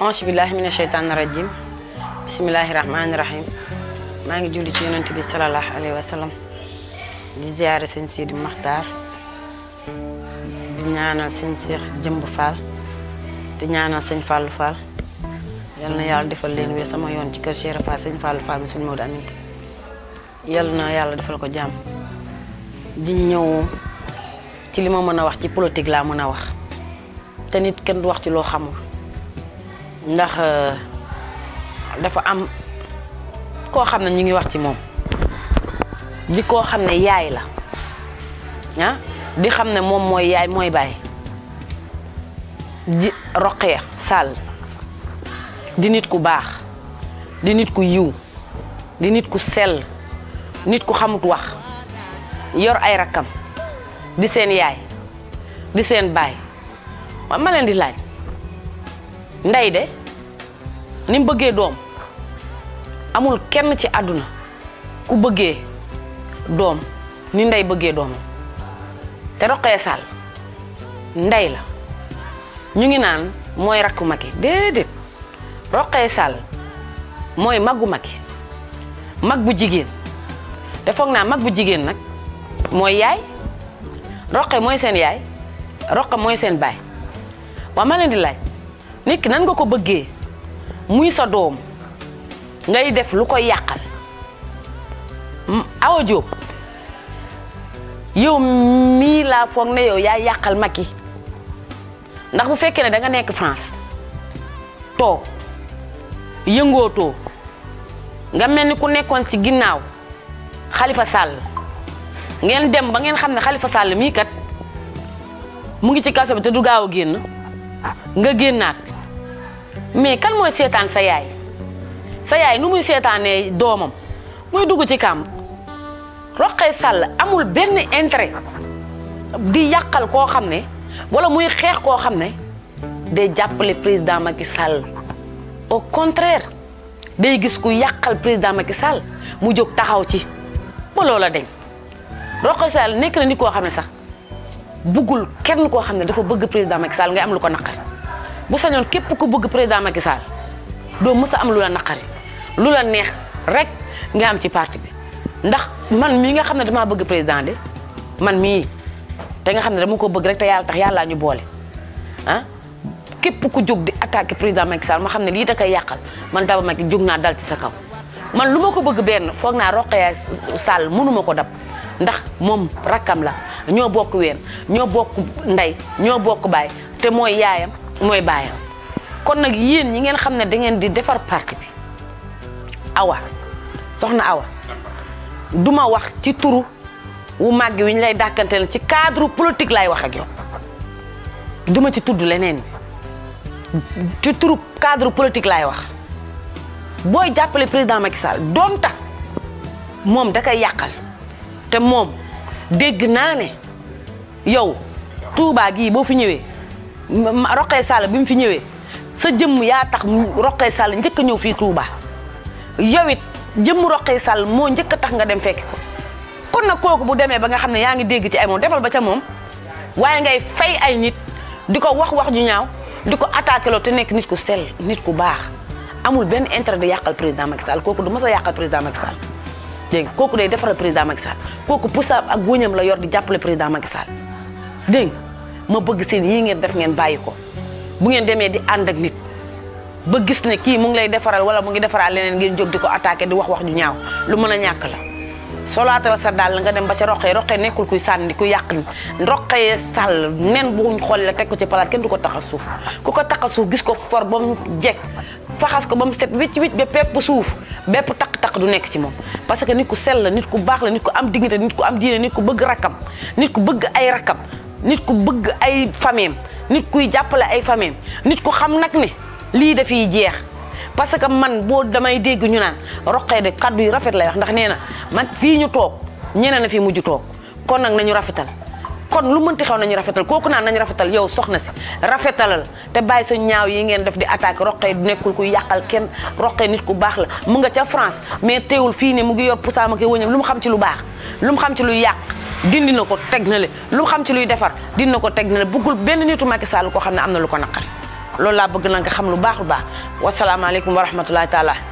ange billahi mina sheytaani rajim bisimilahi rahmaani rahim maa ngi julli ci yonent bi salallahu alayhi wa di ziyaare sëñ Sidi Maxtaar di ñaanal sëñ Seex Jëmb Fall di ñaanal sëñ Fallou Fall yal na yàlla defal leen wér sama yoon ci kër Cheikh Fall sëñ Fallou Fall bi sëñ Maodo Aminta yal na yàlla defal ko jàmm di ñëw ci li ma mën a wax ci politique laa mën a wax te nit kenn du wax ci loo xamul ndax euh, dafa am koo xam ne ñu ngi wax ci moom di koo xam ne yaay la ah, di xam ne moom mooy yaay mooy baay di Roqeya Sall di nit ku baax di nit ku yiw di nit ku sel nit ku xamut wax yor ay rakkam di seen yaay di seen baay ma leen di laaj ndey de ni bëggee doom amul kenn ci àdduna ku bëggee doom ni ndey bëggee doomam te Rokhaya Sall ndey la ñu ngi naan mooy rakku Macky déedéet Rokhaya Sall mooy maggu Macky mag bu jigéen defoog naa mag bu jigéen nag mooy yaay Rokhaya mooy seen yaay Rokhaya mooy seen baay waa ma leen di laaj nit ki nan nga ko bëggee muy sa doom ngay def lu koy yàqal Awa Diop yow mii laa foog ne yow yaa yàqal Macky ndax bu fekkee ne danga nekk France toog yëngootoo nga mel ni ku nekkoon ci ginnaaw xalifa Sall ngeen dem ba ngeen xam ne xalifa Sall mii kat mu ngi ci kaso bi te du gaaw a génn nga génnaat. mais kan mooy seetaan sa yaay sa yaay nu muy seetaanee doomam muy dugg ci kàmb Roqe Sall amul benn intérêt di yàqal koo xam ne wala muy xeex koo xam ne day jàppale président Macky Sall au contraire day gis ku yàqal président Macky Sall mu jóg taxaw ci ba a deñ Roqe Sall nekk na koo xam ne sax buggul kenn koo xam ne dafa bëgg président Macky Sall ngay am lu ko naqar bu sañoon képp ku bëgg président Macky Sall doo mës a am lu la naqari lu la neex rek nga am ci parti bi ndax man mii nga xam ne damaa bëgg président de man mii te nga xam ne dama ko bëgg rek te yàlla tax yàllaa boole ah képp ku jóg di attaqué président Macky Sall ma xam ne lii da koy yàqal man Daba Macky jóg naa dal ci sa kaw man lu ma ko bëgg benn foog naa Roqaya Sall mënuma ko dab ndax moom rakkam la ñoo bokk ween ñoo bokk ndey ñoo bokk baay te mooy yaayam mooy baayam kon nag yéen ñi ngeen xam ne da ngeen di defar parti bi awa soxna awa duma wax ci turu wu màgg wi ñu lay dàkkanteel ci cadre politique laay wax ak yow duma ci tudd leneen ci turu cadre politique laay wax booy jàppale président Macky Sall doon moom da koy yàqal te moom dégg naa ne yow Touba gii boo fi ñëwee Roqee Sall bi mu fi ñëwee sa jëmm yaa tax Roqee Sall njëkk a ñëw fii tuubaa yow it jëmm Roqee Sall moo njëkk a tax nga dem fekk ko kon na kooku bu demee ba nga xam ne yaa ngi dégg ci ay moom defal ba ca moom waaye ngay fay ay nit di ko wax wax ju ñaaw di ko attaqué te nekk nit ku sel nit ku baax amul benn intérêt de yàqal président Macky Sall kooku du mës a yàqal président Macky Sall kooku day defaral président Macky Sall kooku pusaab ak wëñam la yor di jàppale président Macky Sall dégg ma bëgg seen yii ngeen def ngeen bàyyi ko bu ngeen demee di ànd ak nit ba gis ne kii mu ngi lay defaral wala mu ngi defaraal leneen ngeen jóg di ko attaqué di wax wax ju ñaaw lu mën a ñàkk la solaatal sa dàll nga dem ba ca roqee roqee nekkul kuy sànni ku yàq ni roqee sàll nen buñ xool la teg ko ci palaat kenn du ko taxal suuf ku ko taxal gis ko for ba mu jekk ko ba mu set wicc wicc ba pepp suuf bépp taq-taq du nekk ci moom parce que nit ku sell la nit ku baax la nit ku am dignité nit ku am diine nit ku bëgg rakkam nit ku bëgg ay rakkam nit ku bëgg ay fameem nit kuy jàppale ay fameem nit ku xam nag ne lii dafiy jeex parce que man boo damay dégg ñu naan roqee de kàddu yu rafet lay wax ndax nee na man fii ñu toog ñeneen a fi mujj toog kon nag nañu rafetal kon lu mënti xew nañu rafetal kooku naan nañu rafetal yow soxna si rafetalal te bàyyi sa ñaaw yi ngeen def di attaque roqee nekkul ku yàqal kenn roqee nit ku baax la mu nga ca France mais teewul fii ne mu ngi yor pusaama ki wëñam lu mu xam ci lu baax lu mu xam ci lu yàq dindi na ko teg na le lu xam ci luy defar dindi na ko teg na le bëggul benn nitu Macky Sall koo xam ne am na lu ko naqari loolu laa bëgg na nga xam lu baax lu baax wasalaamaaleykum wa rahmatulahi taala